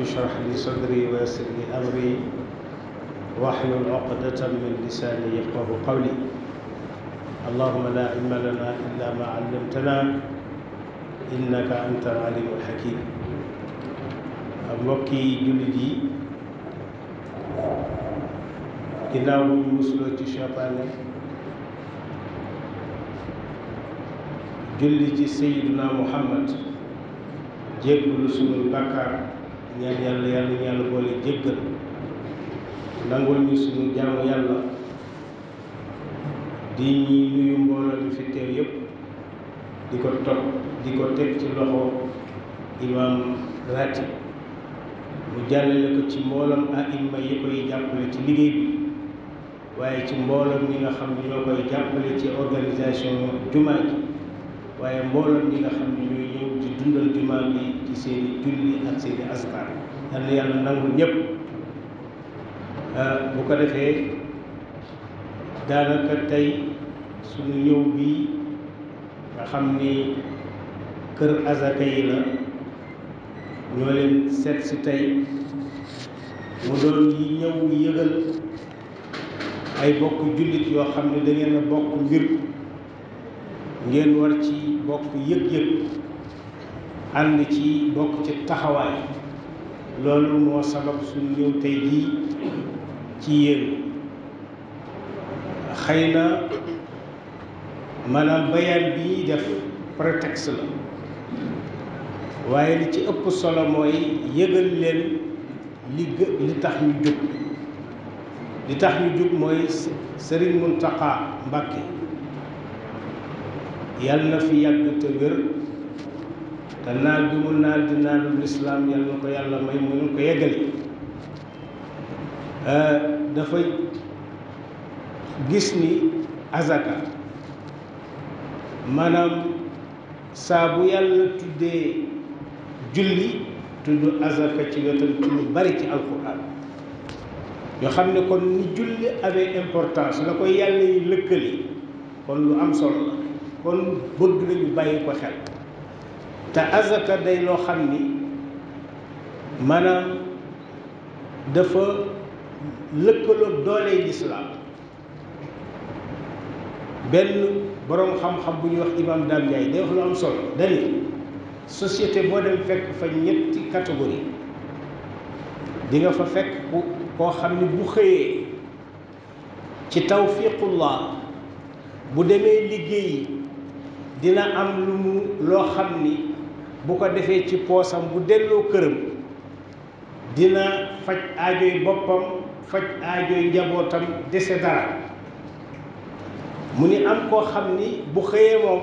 يشرح لي صدري ويسر لي امري واحلل عقدة من لساني يفقه قولي اللهم لا علم لنا الا ما علمتنا انك انت العليم الحكيم mbokki جلدي yi مسلو bu جلدي سيدنا محمد cheytaane julli البكر ñaan yàlla yàlla ñu boole jéggal nangul ñu suñu jaamu yàlla di ñuy nuyu mbooloo fi teew yépp di ko topp di ko teg ci loxo imaam raati mu jàllale ko ci mboolam aima yi koy jàppale ci liggéey bi waaye ci mboolam ñi nga xam ne ñoo koy jàppale ci organisation jumaa ji waaye mboolam ñi nga xam ne ñooy ñëw di dundal jumaa bi ci seen julli ak seen i asgar na yàlla nangu ñëpp ah, bu ko defee daanaka tey suñu ñëw bii nga xam ni kër azaka la ñoo leen seet si tey mu doon yi ñëw yëgal ay bokk jullit yoo xam ne dangeen ngeen bokk mbir ngeen war ci bokk yëg-yëg ànd ci bokk ci taxawaay loolu moo sabab suñ ñëw tey jii ci yéen xëy na maanaam bayaan bi ñuy def prétexte la waaye li ci ëpp solo mooy yëgal leen li gë li tax ñu jóg li tax ñu jóg mooy Serigne Mountakha Mbacké yàlla na fi yàgg te تنال دمو نال دنال الإسلام يالله كي يالله ما يمونه كي يقلي دفعي جسني أزكى منام سابو يالله تدي جلي تدو أزكى تيوتن تدو بريك القرآن yo xamne kon ni julli avec importance la koy yalla yi lekkeli kon lu am solo la kon bëgg nañu bayyi ko xel te azaka day loo xam ni maanaam dafa lëkkaloog dooley lislaam benn boroom xam-xam bu ñuy wax imam Dame Ndiaye day wax lu am solo dani société boo dem fekk fa ñetti catégorie di nga fa fekk ku koo xam ni bu xëyee ci tawfiqullah bu demee liggéeyi dina am lu mu loo xam ni bu ko defee ci poosam bu delloo këram dina faj aajoy boppam faj aajoy njabootam dese dara mu ni am koo xam ni bu xëyee moom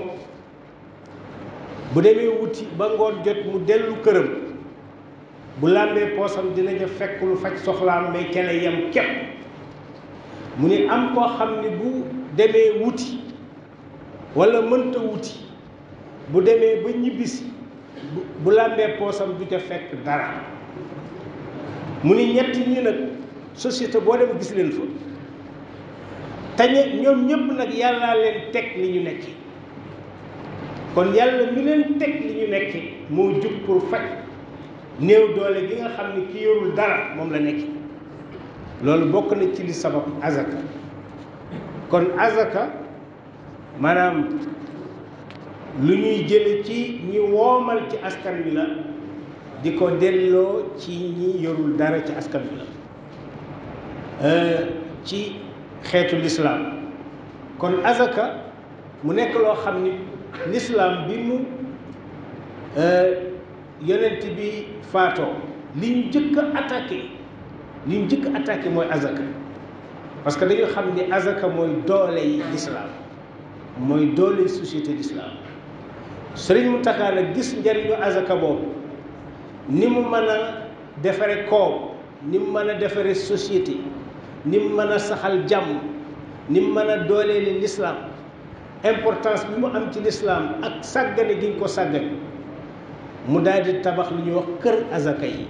bu demee wuti ba ngoon jot mu dellu këram bu làmbee poosam dina ja fekk faj soxlaam mais ca yem képp mu ni am koo xam ne bu demee wuti walla mënta wuti bu demee ba ñibbisi bu làmbee poosam du ca fekk dara mu ni ñetti ñi nag société boo dem gis leen fa te ñoom ñëpp nag yàllaa leen teg li ñu nekki kon yàlla mi leen teg li ñu nekki moo jug pour faj néew doole gi nga xam ne ki yorul dara moom la nekki loolu bokk na ci li sabab azaka kon azaka maanaam lu ñuy jële ci ñi woomal ci askan bi la di ko delloo ci ñi yorul dara ci askan bi la euh, ci xeetu lislaam kon azaka mu nekk loo xam ni lislaam bi mu euh, yonent bi faatoo li ñu njëkk a li ñu njëkk a mooy azaka parce que dañu xam ni azaka mooy doole yi lislaam mooy doole société lislaam sëriñ mu nag gis njariñu azaka boobu ni mu mën a defaree koom ni mu mën a defare société ni mu mën a saxal jàmm ni mu mën a dooleeli lislaam importance bi mu am ci lislaam ak sàggane gi ñu ko sàggane mu daal tabax lu ñuy wax kër azaka yi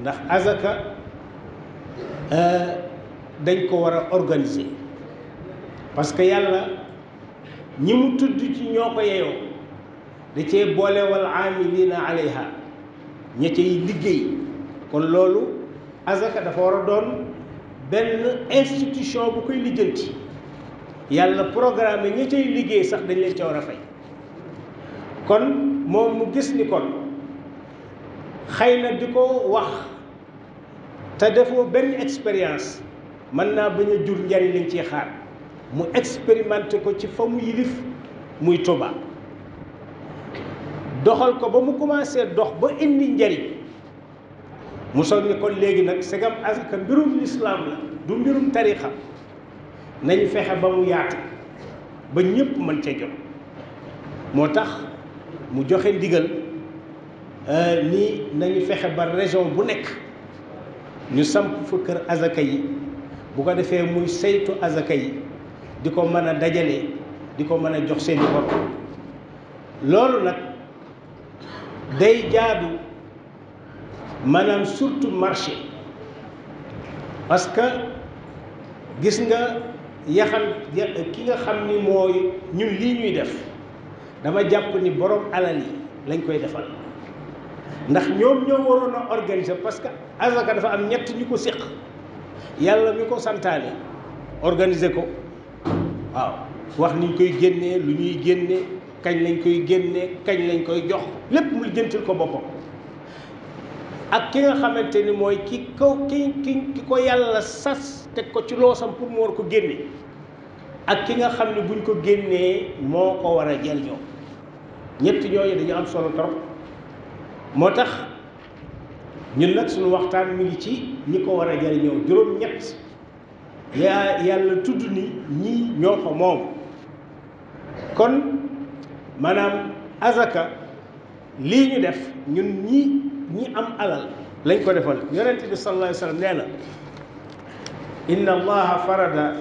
ndax azaka euh, dañ ko war a organisé parce que yàlla ñi mu tudd ci ñoo ko yeyoo da cee boole wal aamilina alayha ña cay liggéey kon loolu azaka dafa war a doon benn institution bu koy lijjanti yàlla programme ña cay liggéey sax dañ leen ca war a fay kon moom mu gis ni kon xëy na di ko wax te defoo benn expérience mën naa bañ a jur njariñ lañ ci xaar mu expérimenté ko ci fa mu yilif muy Tuubaa doxal ko ba mu commencé dox ba indi njariñ mu sol ni kon léegi nak segam asaka mbirum islam la du mbirum tariqa nañ fexe ba mu yaat ba ñëpp man ci jot motax mu joxe ndigal ni nañ fexe ba région bu nek ñu samp fu kër azaka yi bu ko defé muy saytu azaka yi diko mëna dajale diko mëna jox seen bop lolu nak day jaadu maanaam surtout marché parce que gis nga yaxam ki nga xam ni mooy ñun lii ñuy def dama jàpp ni borom alal yi lañ koy defal ndax ñoom ñoo waroon a organiser parce que azaka dafa am ñett ñu ko séq yàlla mi ko santaane organise ko waaw wax ni ñu koy génnee lu ñuy génnee kañ lañ koy génne kañ lañ koy jox lépp mu jëntil ko boppam ak ki nga xamante ni mooy ki ko ki ki ki ko yàlla sas teg ko ci loosam pour mu war ko génne ak ki nga xam ne buñ ko génnee moo ko war a jëriñoo ñett ñooñu dañu am solo trop moo tax ñun nag suñu waxtaan mi ngi ci ñi ko war a jëriñoo juróom-ñett yaa yàlla tudd ni ñii ñoo ko moom kon manam azaka li ñu def ñun ñi ñi am alal lañ ko defal yaronte bi sallallahu alayhi wasallam neena inna allah farada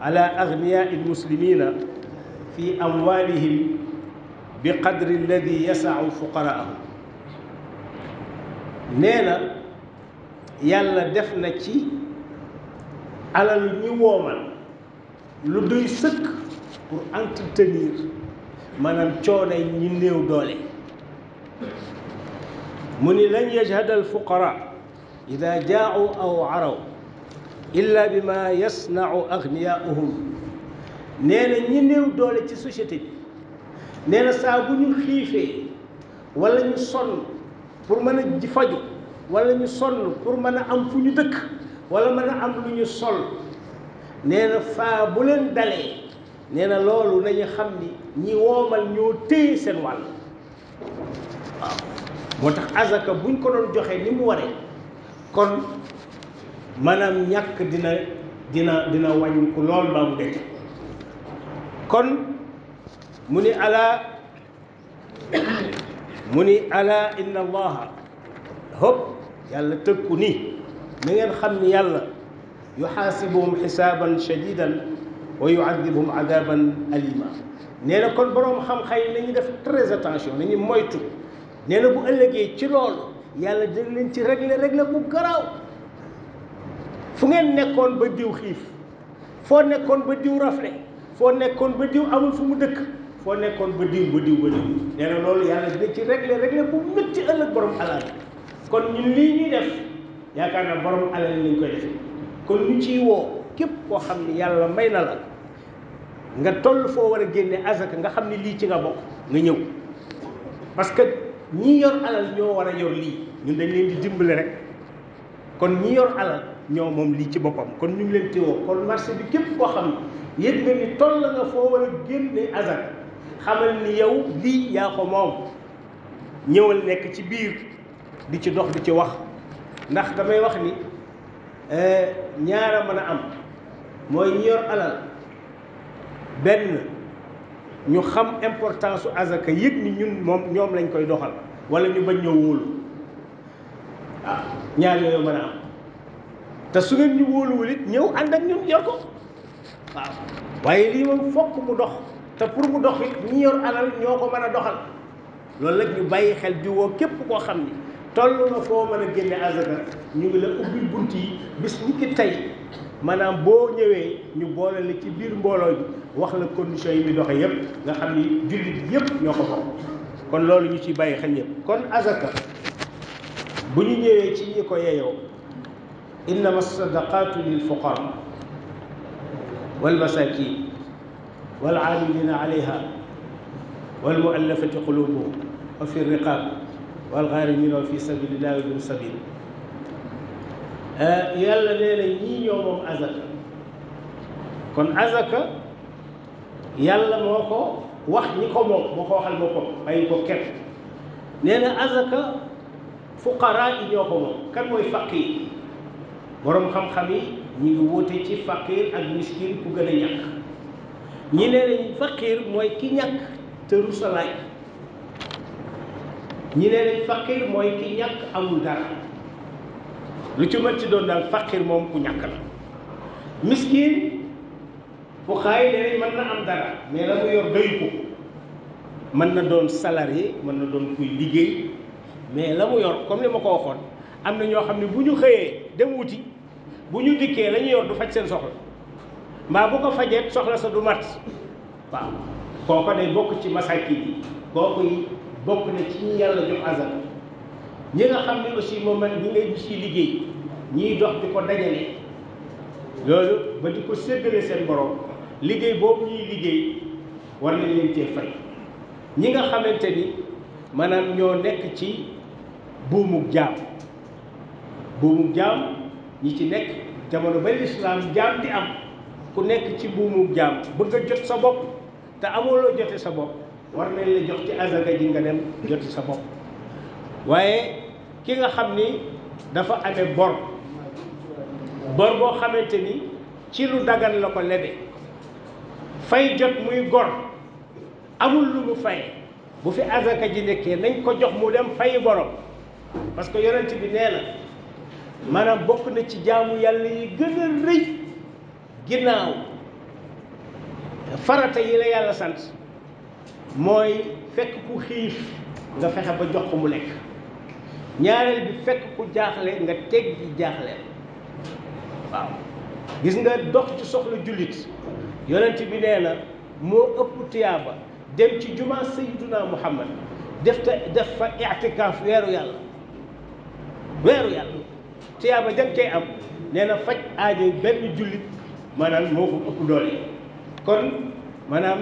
ala agniyai almuslimina fi amwalihim bi qadri alladi yasaau fuqaraahum neena yàlla def na ci alal ñu woomal lu doy seuk pour entretenir maanaam coono ñi néew doole mu ni lan yajhad alfuqara ida jaau aw araw illa bi ma yasnau agniyaahum nee ñi néew doole ci société bi nee na saa ñu xiifee wala ñu sonn pour mën a ji faju walla ñu sonn pour mën a am fu ñu dëkk wala mën a am lu ñu sol nee na faa bu leen dale nee na loolu nañu xam ni ñi womal ñoo téy seen wàll waaw moo tax azaka buñ ko doon joxe ni mu waree kon maanaam ñàkk dina dina dina ku lool mbaa mu dëkk kon mu ni alaa mu ni alaa inna allah hop yàlla tëkku ni na ngeen xam ni yàlla yuxaasibuhum xisaaban shadidan wa yuadibuhum adaban alima nee na kon boroom xam-xam yi nañu def très attention nañu moytu nee na bu ëllëgee ci loolu yàlla dina leen ci régler régler bu garaaw fu ngeen nekkoon ba diw xiif foo nekkoon ba diw rafle foo nekkoon ba diw amul fu mu dëkk foo nekkoon ba diw ba diw ba diw nee na loolu yàlla dina ci régler régler bu métti ëllëg borom alal kon ñun lii ñuy def yaakaar na borom alal lañ koy defee kon ñu ciy woo képp koo xam ne yàlla may na la nga toll fo wara génne azaka nga xamni li ci nga bok nga ñëw parce que ñi yor alal ño wara yor li ñun dañ leen di dimbale rek kon ñi yor alal ño mom li ci bopam kon ñu ngi leen téwo kon marché bi képp ko xam ne nga ni toll nga fo wara génne azaka xamal ni yow li ya ko mom ñëwal nek ci biir di ci dox di ci wax ndax damay wax ni euh ñaara mëna am moy ñi yor alal benn ñu xam importance su azaka yëg ni ñun moom ñoom lañ koy doxal wala ñu bañ ñoo wóolu waaw ah, ñaar yooyu mën a am te su ngeen ñu wóoluwul it ñëw ànd ak ñun yor ko waaw waaye lii moom fokk mu dox te pour mu dox it ñi yor alal ñoo ko mën a doxal loolu nag ñu bàyyi xel di woo képp koo xam ni toll na foo mën a génne azaka ñu ngi la ubbil bunt yi bis ñi ki tey manam bo ñëwé ñu boole la ci biir mbolo bi wax la condition yi mi doxé yëpp nga xam ni jullit yëpp ñoko bok kon loolu ñu ci bàyyi xel yëpp kon azaka bu ñu ñëwé ci ñi ko yeyo inna masadaqatu lil fuqara wal masakin wal amilina alayha wal muallafati qulubuhum wa fi riqab wal gharimina fi sabilillahi wa ibn sabil yàlla nee na ñii ñoo moom azaka kon azaka yàlla moo ko wax ñi ko moom moo ko waxal boppam bàyyi ko képp nee na azaka fuqaraa yi ñoo ko moom kan mooy faqiir boroom xam-xam yi ñu ngi wute ci faqiir ak miskin ku gën a ñàkk ñi nee nañ faqiir mooy ki ñàkk te rusalaay ñi nee nañ faqiir mooy ki ñàkk amul dara lu ci mën ci doon daal faqir moom ku ñàkk la miskin fu xaay léeg mën na am dara mais la mu yor doyu ko mën na doon salarié mën na doon kuy liggéey mais la mu yor comme li ma ko waxoon am na ñoo xam ne bu ñu xëyee dem wuti bu ñu dikkee la yor du faj seen soxla mbaa bu ko fajee soxla sa du mat waaw kooku day bokk ci masaki bi kooku yi bokk na ci ñu yàlla jox azal ñi nga xam ne aussi moom man ñi ngay gis ci liggéey ñiy dox di ko dajale loolu ba di ko séddale seen boroom liggéey boobu ñuy liggéey war nañ fay ñi nga xamante ni maanaam ñoo nekk ci buumug jaam buumug jaam ñi ci nekk jamono ba lislaam jaam di am ku nekk ci buumug jaam bëgg a jot sa bopp te amuloo jote sa bopp war nañ la jox ci azaka ji nga dem jote sa bopp waaye ki nga xam ni dafa amee bor bor boo xamante ni ci lu dagan la ko lebe fay jot muy gor amul lu mu fay bu fi azaka ji nekkee nañ ko jox mu dem fayi borom parce que yonent bi nee na maanaam bokk na ci jaamu yàlla yi gën a rëy ginnaaw farata yi la yàlla sant mooy fekk ku xiif nga fexe ba jox ko mu lekk ñaareel bi fekk ku jaaxle nga teg ji jaaxle waaw gis nga dox ci soxla jullit yonent bi nee na moo ëpp tuyaaba dem ci jumaa sayyiduna muhammad def ta def fa i'tikaaf weeru yàlla weeru yàlla ba jang cay am nee na faj aajo benn jullit maanaam moo ko ëpp doole kon maanaam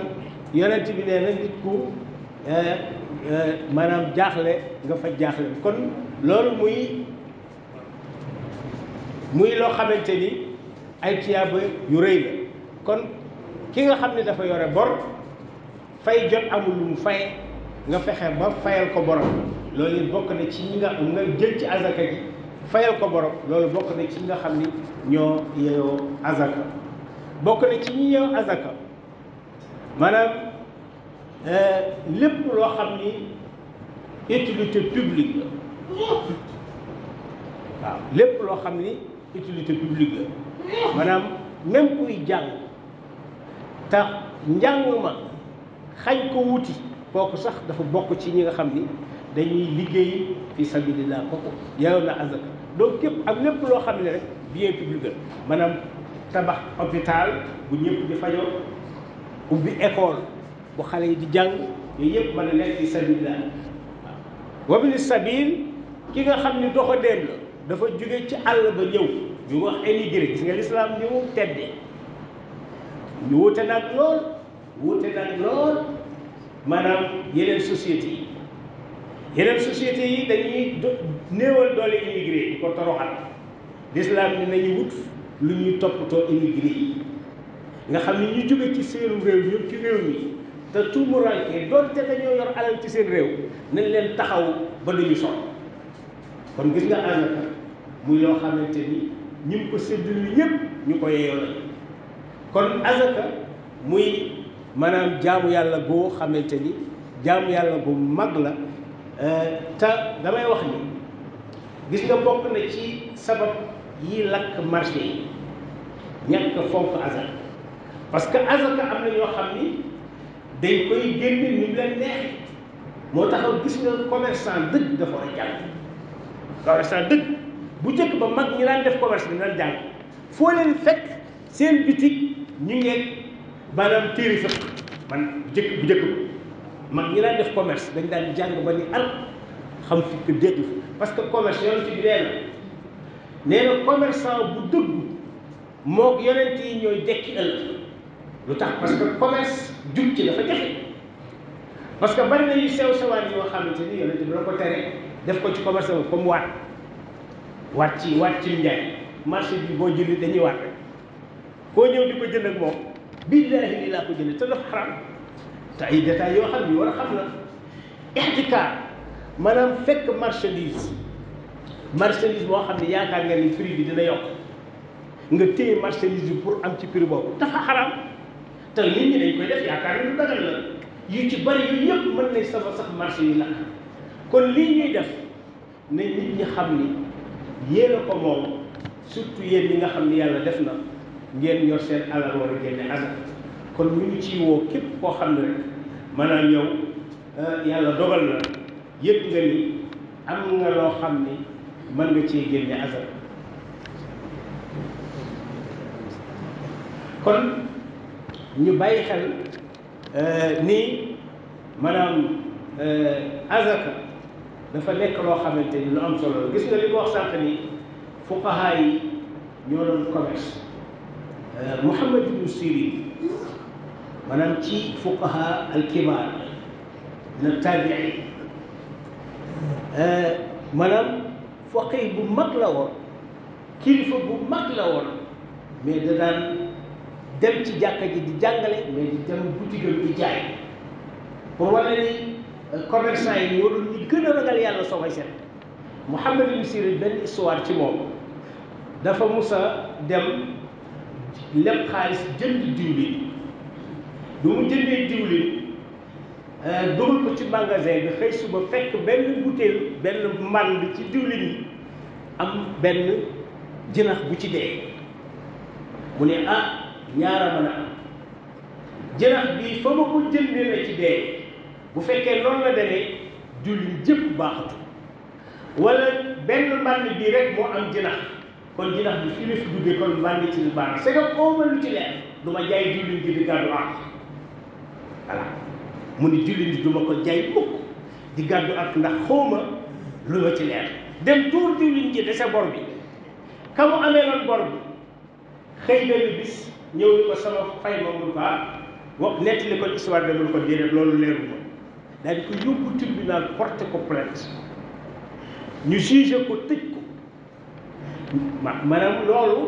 yonent bi nee na nit ku eh, eh, maanaam jaaxle nga fa jaaxle kon loolu muy muy loo xamante ay tiyaaba yu rëy la kon ki nga xam dafa yore bor fay jot amul lu fay nga fexe ba fayal ko borom loolu bokk na ci nga nga jël ci azaka ji fayal ko borom loolu bokk na ci nga xam ñoo yeewoo azaka bokk na ci ñi yeewoo azaka maanaam lépp loo xam utilité publique waaw lépp loo xam ni utilité publique la maanaam même kuy jàng tax njàng ma xañ ko wuti kooku sax dafa bokk ci ñi nga xam ni dañuy liggéey fi sabilillah kooku na azaka donc képp ak lépp loo xam ne rek bien public la maanaam tabax hôpital bu ñëpp di fajoo ubbi école bu xale yi di jàng yooyu yëpp ma a nekk fi sabilillah waaw wa bini sabil ki nga xam ni doxandéem la dafa jóge ci àll ba ñëw ñu wax émigré gis nga lislaam ni mu teddee ñu wute nag lool wute nag lool maanaam yeneen société yi yeneen société yi dañuy néewal doole immigré di ko toroxal lislaam ni nañu wut lu ñuy toppatoo immigré yi nga xam ni ñu jóge ci seenu réew ñëpp ci réew mi te tuumuranke te dañoo yor alal ci seen réew nañ leen taxaw ba ñu sonn kon gis nga asaka muy loo xamante ni ñun ko ko séddale ñëpp ñu ko yeyoo la kon asaka muy maanaam jaamu yàlla boo xamante ni jaamu yàlla bu mag la euh, ta damay wax ni gis nga bokk na ci sabab yi lakk marché yi ñàkk fonk azaka parce que azaka am na ñoo xam ni dañ koy génn ni mu leen moo tax gis nga commerçant dëgg dafa war a jàng commerce dëgg bu njëkk ba mag ñi daan def commerce bi daan jàng foo leen fekk seen bitik ñu ngi leen maanaam téere fekk man jëkk ba mag ñi daan def commerce dañ daan jàng ba ni al xam fi ko dégg parce que commerce yoon ci bi nee na nee na commerçant bu dëgg moo yonent yi ñooy dekki ëllëg lu tax parce que commerce jug ci dafa jafe parce que bari na yu sew sewaan yoo xamante ni yonent bi la ko tere def ko ci commerce am comme waat waat ci waat ci njaay marché bi boo jëlee dañuy waat rek koo ñëw di ko jënd ak moom billaahi li laa ko jënd te dafa xaram te ay détails yoo xam ne war a xam na ixtikaar maanaam fekk marchandise marchandise moo xam ne yaakaar nga ni prix bi dina yokk nga téye marchandise bi pour am ci prix boobu dafa xaram te nit ñi dañ koy def yaakaar ni lu dagal la yu ci bari yu ñëpp mën nañ sama sax marché yi la kon lii ñuy def ne nit ñi xam ni yéen a ko moom surtout yéen ñi nga xam ni yàlla def na ngeen yor seen alal war a génne asaka kon ñu ngi ci woo képp koo xam ne rek maanaam yow euh, yàlla dogal na yëpp nga ni am nga loo xam ni mën nga cee génne asaka kon ñu bàyyi xel euh, ni maanaam euh, asaka dafa nekk loo xamante ni lu am solo la gis nga li ma wax sànq ni fuqaha yi ñoo doon commerce Muhammad ibnu Sirin maanaam ci fuqaha al kibaar na taabii maanaam faqih bu mag la woon kilifa bu mag la woon mais da daan dem ci jàkka ji di jàngale mais di dem boutique di jaay pour wane ni commerçant yi ñoo doon gën a ragal yàlla soo koy seet Muhammad ibn Sirin benn histoire ci moom dafa musa dem lépp xaalis jënd diwlin du mu jëndee diwlin euh, dugal ko ci magasin bi xëy suba fekk benn butéel benn mànd ci diwlin yi am benn jënax bu ci dee bu ne ah ñaara mën a am jënax bii fa ma ko jëndee na ci dee bu fekkee noonu la demee julli jëpp baaxatu wala benn mbànd bii rek moo am jinax kon jinax bi fi mu fi duggee kon mbànd ci lu baax c'est que lu ci leer du ma jaay julli ji di gàddu ak voilà mu ni julli ji du ma ko jaay mukk di gàddu àq ndax xawma lu ma ci leer dem tuur julli ji dese bor bi ka mu amee loon bor bi xëy benn bis ñëw ni ko sama fay ma mun ko wax nettali ko histoire da ko déedéet loolu leeru ma daal di ko yóbbu tribunal porté ko plainte ñu jugé ko tëj ko maanaam loolu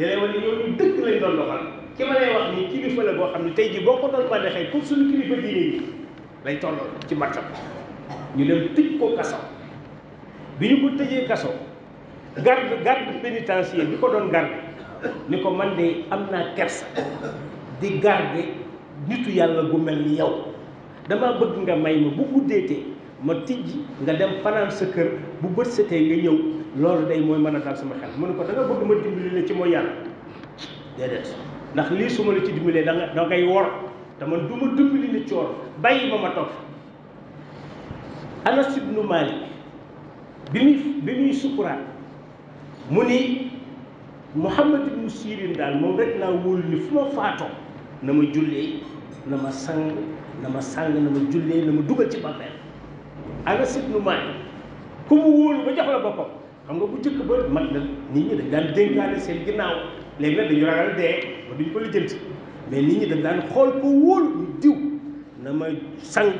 da lay ñu lañ doon ma lay wax nii kilifa la boo xam ne tey jii boo ko doon bànneexee Nous suñu kilifa diine lay ci ñu dem ko garde garde pénitentiaire bi ko doon garde ni ko man de kersa di garde nitu gu dama bëgg nga may ma bu guddeetee ma tijji nga dem fanaan sa kër bu bët setee nga ñëw loolu day mooy mën a daal sama xel mën ne ko da nga bëgg ma dimbali la ci mooy yàlla déedéet ndax lii su la ci dimbalee da nga wor te man du ma dimbali coor bàyyi ba ma toog Anas ibnu Malik bi muy bi muy sukuraat mu ni Muhammad ibnu Sirin daal moom rek naa wóolu ni fu ma faatoo na ma jullee na ma sang na ma sàng na ma jullee na ma dugal ci bàmmeel Anas ibnu Maalik ku mu wóolu ba jox la boppam xam nga bu njëkk ba mat na nit ñi dañ daan dénkaane seen ginnaaw léegi nag dañu ragal dee ba duñ mais nit ñi dañ daan xool ko wóolu na ma sang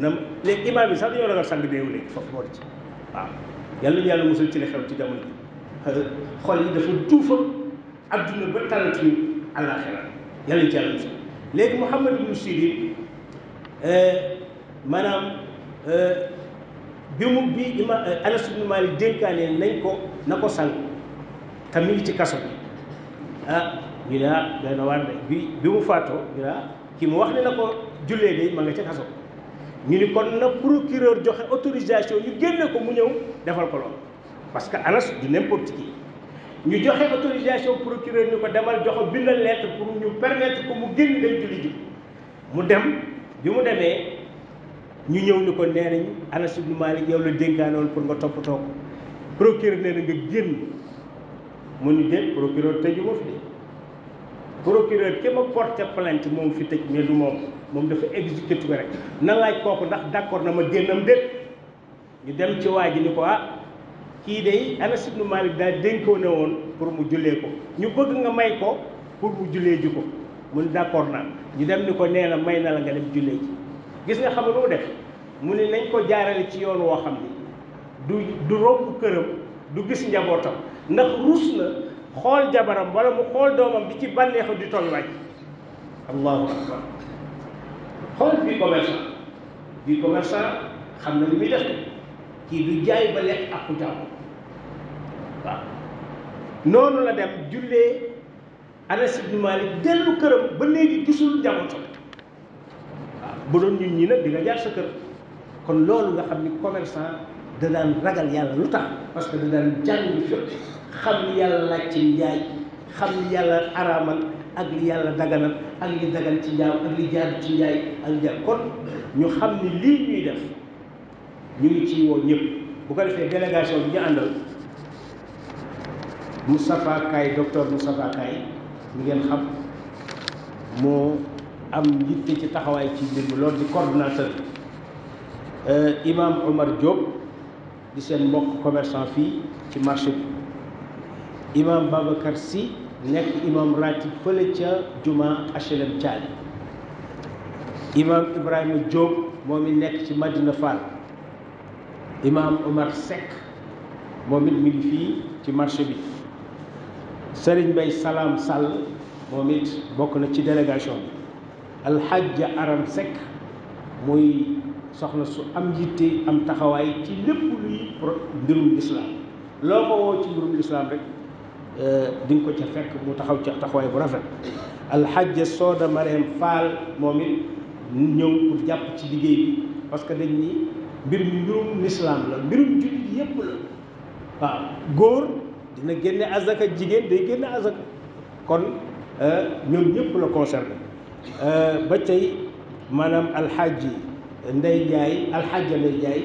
na ma léegi imaam yi sax dañoo ragal sang foofu moo ci waaw yàlla ñu yàlla ci li xew ci jamono ji xol yi dafa duufa adduna ba talatuñu àllaaxira yàlla ñu ci yàlla musal Euh, maanaam euh, bi mu bi ima euh, Anas ibnu Maalik dénkaane nañ ko na ko sànq te mi ngi ci kaso bi ah ñu ne ah doy na waar de bi bi mu fàttoo ñu ne ah mu wax ne na ko jullee de ma nga ci kaso ñu ni kon na procureur joxe autorisation ñu génne ko mu ñëw defal ko loolu parce que Anas du n'importe qui ñu joxe autorisation procureur ñu ko demal joxe bindal lettre pour ñu permettre ko mu génn day julli mu dem bi mu demee ñu ñëw ni ko nee nañ Anas ibnu Malik yow la dénkaanoon pour nga toppatoo ko procureur nee na nga génn mu ni déet procureur tëju ma fi procureur ki ma porté moom fi tëj mais moom moom dafa exécuté ko rek na laaj kooku ndax d'accord na ma génnam déet ñu dem ci waa ji ni ko ah kii day Anas ibnu Malik daal dénkoo ne woon pour mu jullee ko ñu bëgg nga may ko pour mu jullee ji ko mun d'accord naa ñu dem ni ko nee na may na la nga dem jullee ji gis nga xam nga lu mu def mu ne nañ ko jaarale ci yoon woo xam ne du du romb këram du gis njabootam ndax ruus na xool jabaram wala mu xool doomam bi ci bànneexu di toll wàcc allahu akbar xool bi commerçant bi commerçant xam na li muy def kii du jaay ba lekk ak ku waaw noonu la dem jullee Anas ibnu Malik dellu këram ba léegi gisul njabootam waaw bu doon ñun ñi nag di nga jaar sa kër kon loolu nga xam ni commerçant da daan ragal yàlla lu tax parce que da daan jàng bi xam ni yàlla laaj ci njaay xam ni yàlla araamal ak li yàlla daganal ak li dagan ci njaaw ak ci njaay ak li jaar kon ñu xam ni lii ñuy def ñu ngi ciy woo ñëpp bu ko defee délégation bi ñu àndal Moustapha Kay docteur Moustapha Kay ngeen xam moo am yitte ci taxawaay ci mbir di coordonnateur euh, imam Omar Diop di seen mbokk commerçant fii ci marché bi imam Babacar Sy nekk imam ratib fële ca juma HLM Thiali imam Ibrahima Diop moom it nekk ci Madina Fall imam Omar Seck moom it mi ngi fii ci marché bi Serigne bay salaam Sall moom it bokk na ci delegation bi alxajja aram Seck muy soxna su am yitte am taxawaay ci lépp luy mbirum lislaam loo ko woo ci mbirum lislaam rek euh, di nga ko ca fekk mu taxaw ci taxawaay bu rafet alxajja Sooda Mariam Fall moom it ñëw pour jàpp ci liggéey bi parce que dañ ni mbir mi mbirum lislaam la mbirum jullit yépp la waaw góor dina génne azaka jigéen day génne azaka kon euh, ñoom ñëpp la concerné euh, ba tey maanaam alxaaji Ndey Njaay alxaaja Ndey Njaay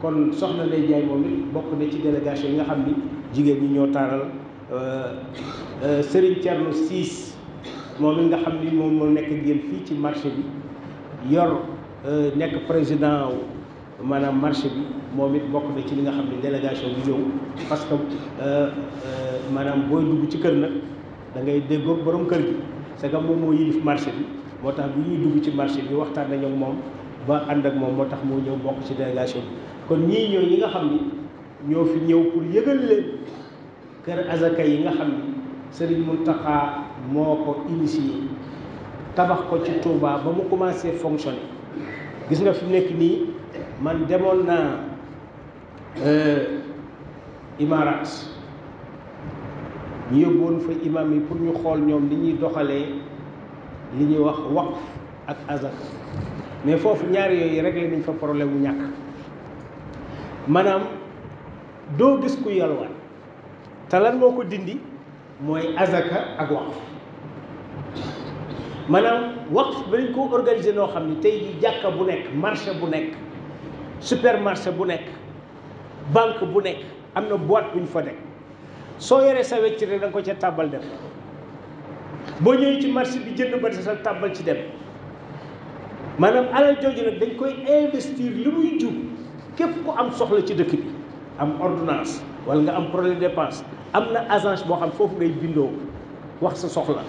kon soxna Ndey jaay moom it bokk na ci délégation yi nga xam ni jigéen ñi ñoo taaral euh, Serigne Thierno Siis moom it nga xam ni moom moo nekk ngeen fii ci marché bi yor nekk président maanaam marché bi moom it bokk na ci li nga xam ne délégation bi ñëw parce que euh, euh, maanaam booy dugg ci kër nag da ngay déggoo borom kër gi c'est que moom moo yilif marché bi moo tax bi ñuy dugg ci marché bi waxtaan nañu ak moom ba ànd ak moom moo tax moo ñëw bokk ci délégation bi kon ñii ñoo ñi nga xam ni ñoo fi ñëw pour yëgal leen kër azaka yi nga xam ni Serigne Mountakha moo ko initié tabax ko ci Touba ba mu commencé fonctionner gis nga fi mu nekk nii man demoon naa Euh, imaaraat ñu yóbboon fa imam yi pour ñu xool ñoom li ñuy doxalee li ñuy wax waqf ak azaka mais foofu ñaari yooyu réglé nañ fa problème mu ñàkk maanaam doo gis ku yalwaan te lan moo ko dindi mooy azaka ak waqf maanaam waqf ba dañ koo organiser noo xam ne tey jii jàkka bu nekk marché bu nekk supermarché bu nekk banque bu nekk am na boîte bu fa nekk soo yoree sa wecc rek da ko ca tàbbal dem boo ñëwee ci marché bi jënd ba sa tàbbal ci dem maanaam alal jooju nag dañ koy investir li muy jub képp ku am soxla ci dëkk bi am ordonnance wala nga am problème dépense am na agence boo xam foofu ngay bindoo wax sa soxla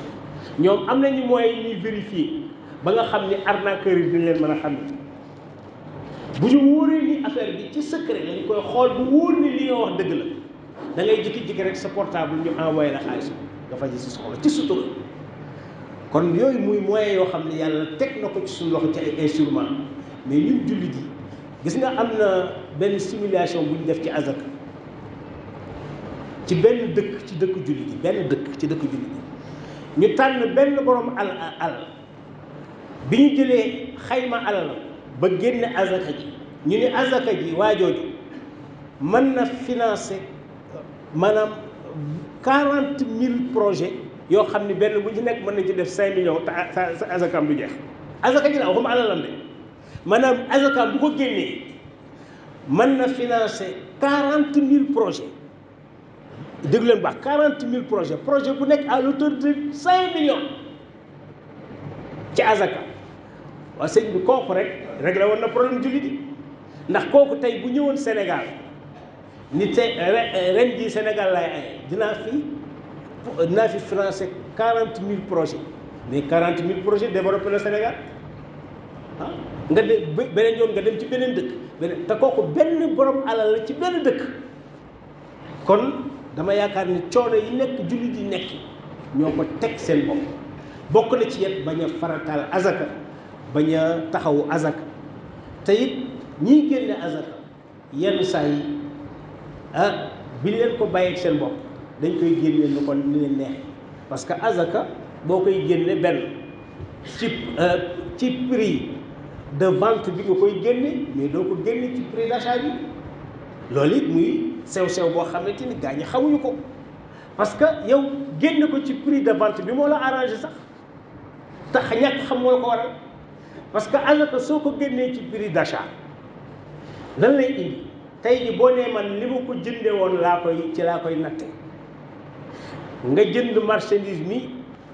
ñoom am nañu mooy ñuy vérifier ba nga xam ni arnaqueur yi dañ leen mën a xam ne bu ñu wóoree ni affaire bi ci secret lañ koy xool bu wóor ni li nga wax dëgg la da ngay jikki-jikki rek sa portable ñu envoyé la xaalis nga faj si soxla ci sutura kon yooyu muy moyen yoo xam ne yàlla teg na ko ci suñu loxo ci ay instrument mais ñun jullit yi gis nga am na benn simulation bu ñu def ci azaka ci benn dëkk ci dëkk jullit yi benn dëkk ci dëkk jullit yi ñu tànn benn borom al al bi ñu jëlee xayma alalam ba génn azaka ji ñu ne azaka ji waajooju mën na financé maanaam quarante mille projet yoo xam ne benn bu ci nekk mën na ci def cinq millions te azakaam du jeex azaka ji la waxuma alalam de maanaam azakaam bu ko génnee mën na financé quarante mille projet déglu leen baax quarante mille projet projet bu nekk à l'auteur de cinq millions ci azaka waa sëñ bi kooku rek réglé woon na problème jullit yi ndax kooku tey bu ñëwoon Sénégal ni te eh, eh, ren jii Sénégal lay aye dinaa fi dinaa fi financé quarante mille projet mais quarante mille projets développé le Sénégal ah, nga de beneen yoon nga dem ci beneen dëkk beneen te kooku benn borom alal la ci benn dëkk kon dama yaakaar ni coono yi nekk jullit yi nekk ñoo ko teg seen bopp bokk na ci yet bañ a farataal azaka bañ a taxawu azak te it ñiy génne azak yenn saa yi ah bi leen ko bàyyeeg seen bopp dañ koy génne lu ko lu leen neex parce que azaka boo koy génne benn ci euh, ci prix de vente bi nga koy génne mais doo ko génne ci prix d'achat bi loolu it muy sew-sew boo xamante ni gaa ñi xamuñu ko parce que yow génne ko ci prix de vente bi moo la arrangé sax tax ñàkk xam moo ko waral parce que azaka soo ko génnee ci prix d'achat lan lay indi tey ji boo nee man li ma ko jënde woon laa koy ci laa koy natte nga jënd marchandise mi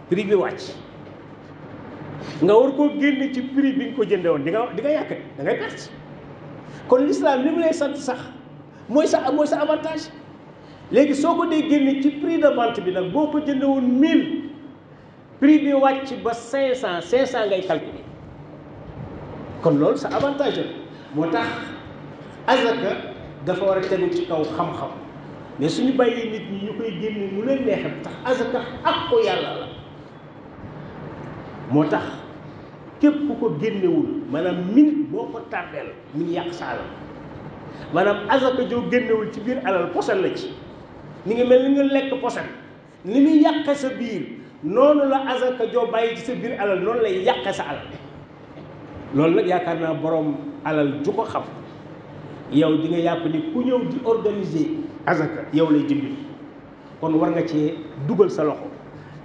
prix bi wàcc nga war koo génne ci prix bi nga ko jënde woon di nga di nga yàq da ngay perte kon l'islam li mu lay sant sax mooy sa mooy sa avantage léegi soo ko dee génne ci prix de vente bi nag boo ko jënde woon 1000 prix bi wàcc ba 500 500 ngay calculer kon loolu sa avantage moo tax azaka dafa war a tegu ci kaw xam-xam mais suñu bàyyee nit ñi ñu koy génne mu leen neexam tax azaka ak ko yàlla la moo tax képp ku ko génnewul maanaam min boo ko tardeel mi ngi yàq sa alal maanaam azaka joo génnewul ci biir alal posan la ci ni ngi mel ni nga lekk posan ni muy yàqe sa biir noonu la azaka joo bàyyi ci sa biir alal noonu lay yàqe sa alal loolu nag yaakaar naa boroom alal ju ko xam yow di nga yàpp ni ku ñëw di organiser azaka yow lay dimbali kon war nga cee dugal sa loxo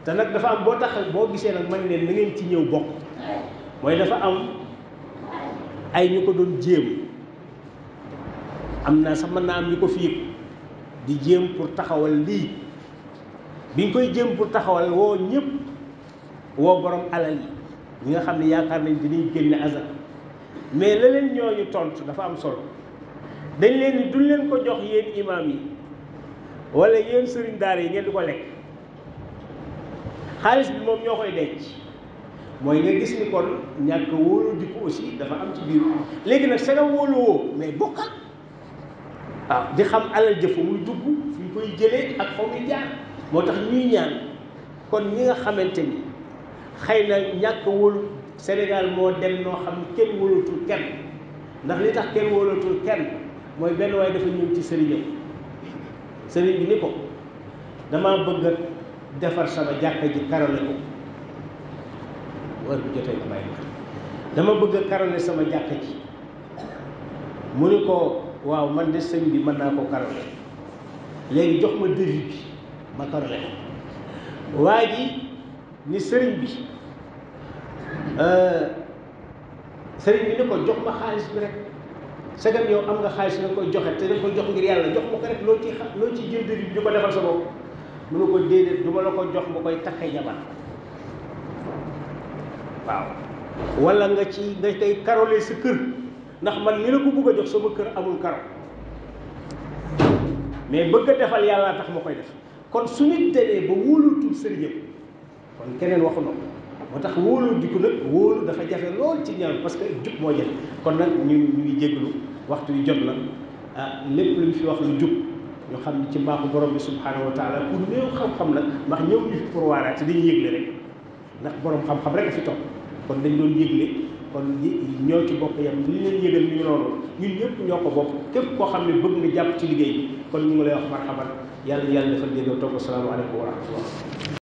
te nag dafa am boo tax boo gisee nag man leen na ngeen ci ñëw bokk mooy dafa am ay ñu ko doon jéem am naa sax mën naa am ñu ko fii di jéem pour taxawal lii bi ñu koy jéem pour taxawal woo ñëpp woo boroom alal yi ñi nga xam ne yaakaar nañ dinañ génne azak mais la leen ñooñu tontu dafa am solo dañ leen ni leen ko jox yéen imaam yi wala yéen sëriñ daara yi ngeen di ko lekk xaalis bi moom ñoo koy denc mooy nga gis ni kon ñàkk wóolu ko aussi dafa am ci biir léegi nag sa mais bokkal waaw di xam alal jëf muy dugg fi ñu koy jëlee ak fa muy jaar moo tax ñuy ñaan kon ñi nga xamante ni xëy na ñàkk wóolu Sénégal moo dem noo xam ne kenn wóolatul kenn ndax li tax kenn wóolatul kenn mooy benn waaye dafa ñëw ci sëriñam sëriñ bi ni ko dama bëgg defar sama jàkka ji karole ko war bu jotee nga bàyyi sama jàkka ji mu ni ko waaw man de sëñ bi mën naa ko karole léegi jox ma dëri bi ma karole ko waa ji ni sëriñ bi euh, sëriñ bi ni ko jox ma xaalis bi rek segam yow am nga xaalis nga koy joxe te da koy jox ngir yàlla jox ma ko rek loo ci xa loo ci jël dëri di ko defal sa bopp mu ne ko déedéet du ma la ko jox ma koy takkee jabar waaw wala nga ci nga tey karole si kër ndax man li la ko bëgg a jox sama kër amul karo mais bëgg a defal yàlla tax ma koy def kon su nit demee ba wóolutul sëriñam kon keneen waxu na moo tax wóolu di ko nag wóolu dafa jafe lool ci ñaan parce que jub moo jafe kon nag ñu ñu ngi jéglu waxtu yu jot na ah lépp lu ñu fi wax lu jub ñu xam ci mbaaxu borom bi subhaanahu wa taala pour néew xam-xam nag ndax ñëw ñu fi pour waaraate dañu yëgle rek ndax boroom xam-xam rek a fi topp kon dañ doon yégle kon ñoo ci bokk yam li leen yëgal ñu loolu ñun ñëpp ñoo ko bokk képp koo xam ne bëgg nga jàpp ci liggéey kon ñu ngi lay wax marhaban yàlla yàlla defal jéego toog asalaamaaleykum wa rahmatullah